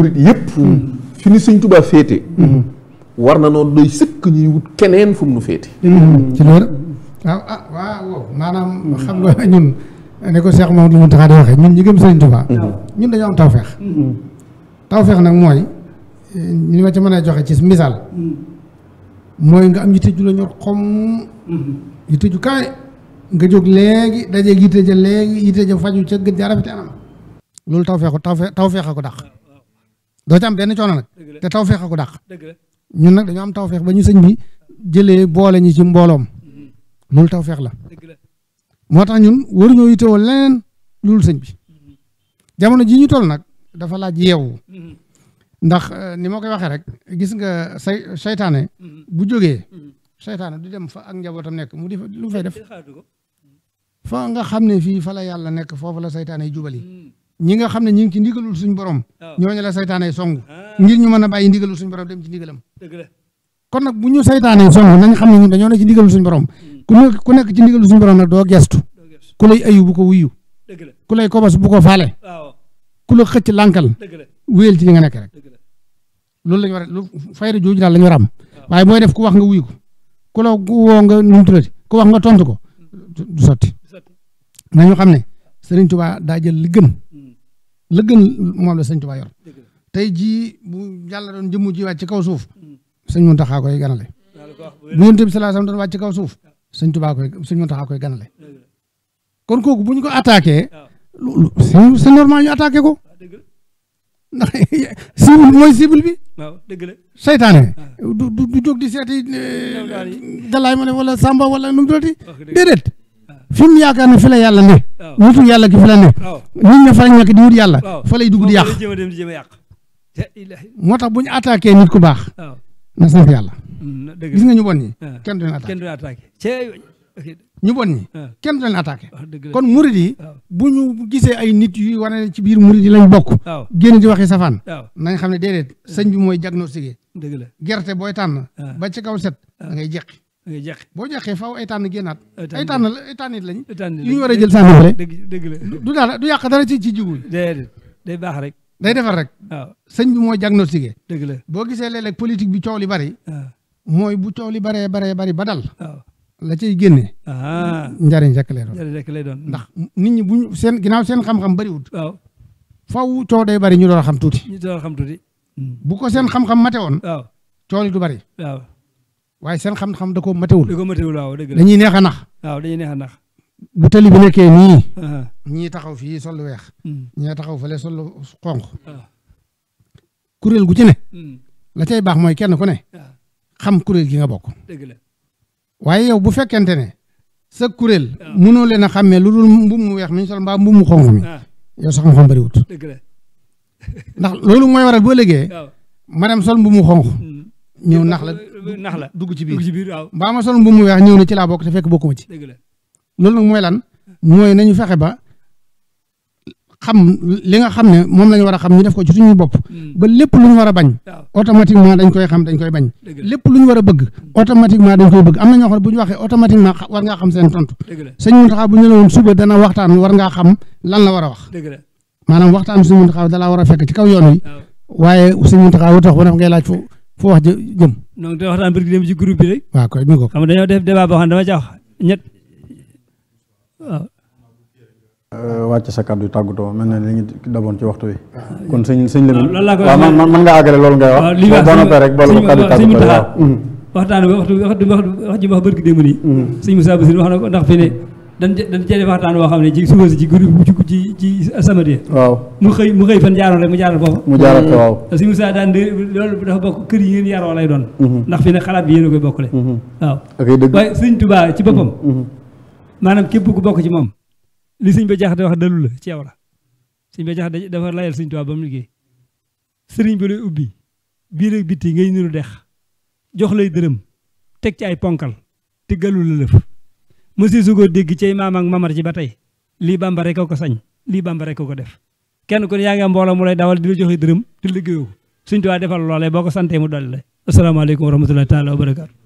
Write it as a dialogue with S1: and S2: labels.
S1: yëpp fi ni sëñ Tuubaa féete war na noonu doy sëkk ñuy wut keneen fu mu nu féete ci loolu waaw ah waaw maanaam xam nga ñun ne ko Cheikh Mamadou Mountakha di waxee ñun ñi gëm sëñ Tuubaa ñun dañoo am tawfeex tawfeex nag mooy ñu ma ci mën a joxe ci misaal mooy nga am yitte ju la ñor xom yitte ju nga jóg léegi dajeeg yitte ja léegi yitte ja faju ca gën ja rafet anam loolu tawfeexu tawfeex tawfeex a ko dàq doo ci am benn coono nag te tawfeex a ko dàq ñun nag dañoo am tawfeex ba ñu sëñ bi jëlee boole ñi ci mbooloom mm-hmm. loolu tawfeex la moo tax ñun waruñoo yitewoo leneen loolu sëñ bi mm-hmm. jamono ji ñu toll nag dafa laaj yeewu mm-hmm. ndax euh, ni ma koy waxee rek gis nga say saytaane bu jógee saytaane du dem fa ak njabootam nekk mu di lu fay def fa nga xam ne fii fa la yàlla nekk foofu la saytaane jubali ñi nga xam ne ñu ngi ci ndigalul suñu borom. ñooñu la saytaanee song. Ah. ngir ñu mën a bàyyi ndigalul suñu borom dem ci ndigalam. kon nag bu ñu saytaanee song nañ xam ne ñun dañoo ne ci ndigalul suñu borom. Hmm. ku nekk ku nekk ci ndigalul suñu borom nag doo gestu. ku lay ayu bu ko wuyu. ku lay kobos bu ko faale. ku la xëcc lànkal. wéyal ci li nga nekk rek. loolu la ñu war a lu fayda jooju daal la ñu war a am. waaye mooy def ku wax nga wuyu ko. ku la woo nga nu mu tuddati ku wax nga tontu ko. Hmm. du sotti nañu xam ne Serigne Touba daa jël li gën la gën moom la sëñ Tuubaa yor tey jii bu yàlla doon jëmm ji wàcc ci kaw suuf sëñ Muntaxa koy ganale
S2: bu Yonent bi
S1: sallallahu alayhi wasallam doon wàcc ci kaw suuf sëñ Tuubaa koy sëñ Muntaxa koy ganale kon kooku bu ñu ko attaqué loolu c'est normal attaqué ko ndax cible mooy cible bi. waaw dëgg la seytaane ah. du di seeti. Euh, dalaay ma ne wala Samba wala nu mu tuddati fi mu yaakaar ne fi yàlla ne. wutu yàlla ki fi la ne. nit ña fa nekk di wut yàlla. fa lay dugg di
S2: yàq.
S1: moo tax bu ñu attaqué nit ku baax. na sant yàlla.
S2: Mm, gis nga ñu bon ñi.
S1: Ah. kenn du leen attaqué ñu bon ñi. kenn du leen attaqué. Ah. Ah, kon murid yi. bu ñu gisee ay nit yu wane ci biir murid yi lañ bokk. génn di waxi safaan. nañ xam ne déedéet sañ bi mooy diagnostiqué. dëgg la gerte booy tànn. ba ci kaw set da ngay jeqi ngay boo jàqee faaw ay tànn génnaat. ay tànn la tànnit lañ. ay tànnit lañ yu ñu war a jël sànni fële.
S2: dëgg dëgg la
S1: du daal du yàq dara ci ci jiwu day baax rek. day defar rek. waaw sëñ bi mooy diagnostiqué. dëgg la boo gisee lee léeg politique bi coow li bari. Ah. mooy bu coow li baree baree bari ba dal. Ah. la cay génne. Ah. njariñ rek lay doon njariñ lay doon. ndax nit ñi bu ñu seen seen xam-xam bariwut. waaw faw coow day bari ñu door a xam tuuti.
S2: ñu door a xam tuuti. Hmm.
S1: bu ko seen xam-xam mate woon. coow li du bari. waaye seen xam-xam da ko matewul. da ko matewul waaw dëgg la dañuy neex a nax. waaw dañuy neex a nax. bu tali bi nekkee nii. ñii taxaw fii sol lu weex. Mm. ñii taxaw fële sol lu xonq. kuréel gu ci ne. Mm. la cay baax mooy kenn ku ne. xam kuréel gi nga bokk. dëgg la waaye yow bu fekkente ne. sa kuréel. waaw mënoo leen a xàmmee lu dul mbubb mu
S2: weex mi ñu sol mbaa mbubb mu xonq mi. yow sax xam-xam bëriwut. dëgg
S1: ndax loolu mooy waral boo légee. waaw ma dem mu xonq. Mm. ñëw nax la
S2: nax la dugg ci biir dugg biir waaw. mbaa ma sol mbubb mu weex ñëw ne
S1: ci laa bokk te fekk bokkuma ci. la loolu nag mooy lan mooy ñu fexe ba xam li nga xam ne moom la ñu war a xam ñu def ko ci suñu bopp. Hmm. ba lépp lu ñu war a bañ. automatiquement dañ koy xam dañ koy bañ. lépp lu war a bëgg. automatiquement dañ koy bëgg am na ñoo xam ne bu ñu waxee automatiquement war ngaa xam seen tontu. dëgg la sëñ Mountakha bu ñu la suba dana waxtaan war ngaa xam
S2: lan la war a wax. dëgg la
S1: maanaam waxtaan sëñ Mountakha dalaa war a fekk ci kaw yoon wi. waaye sëñ Mountakha wut wax ba laaj foofu fu wax jë jëm.
S2: donc te waxtaan bi dem ci groupe bi rek. waaw koy mi ko. xam nga dañoo def débat boo xam ne dama ca wax ñett waaw.
S1: Euh, wàcc sa kàddu tàggatoo mel na li ñu daboon ci waxtu wi. kon sëñ sëñ Lamine. loolu laa koy wax waaw man man nga àggale loolu ngay wax. waaw lii wax rek boole ko kàddu tàggatoo waaw.
S2: wax ji ma wax barki démb nii. Mm-hmm. sëñ Moussa wax na ko ndax fi ne. dañ dañ cee def waxtaan boo xam ne ci suba si ci groupe ci ci ci samedi waaw mu xëy mu xëy fan jaaroon rek mu jaaroon foofu mu jaaroon ko waaw si Moussa daan loolu dafa bokk kër yi ngeen yaroo lay doon mm-hmm. ndax fi ne xalaat bi yéen a koy bokkale mm-hmm. waaw waaye sëñ Tuubaa ci mm-hmm. boppam maanaam képp ku bokk ci moom li sëñ ba jaax jaxate wax dalul la ceew la sëñ ba jaxate dafa layal sëñ Tuubaa ba mu liggéey sëriñ bi lay ubbi biir ak bitti ngay niru dex jox lay dërëm teg ci ay ponkal te galul la lëf mësi su ko dégg cay maam ak mamar ci ba tey lii bamba rek ko sañ lii bamba ko ko def kenn ku yaa ngi am mu lay dawal di la joxe dërëm di liggéeyoo suñ tuwaa defal loolee boo ko santee mu dolli la asalaamaaleykum wa rahmatullahi taala wa barakaatu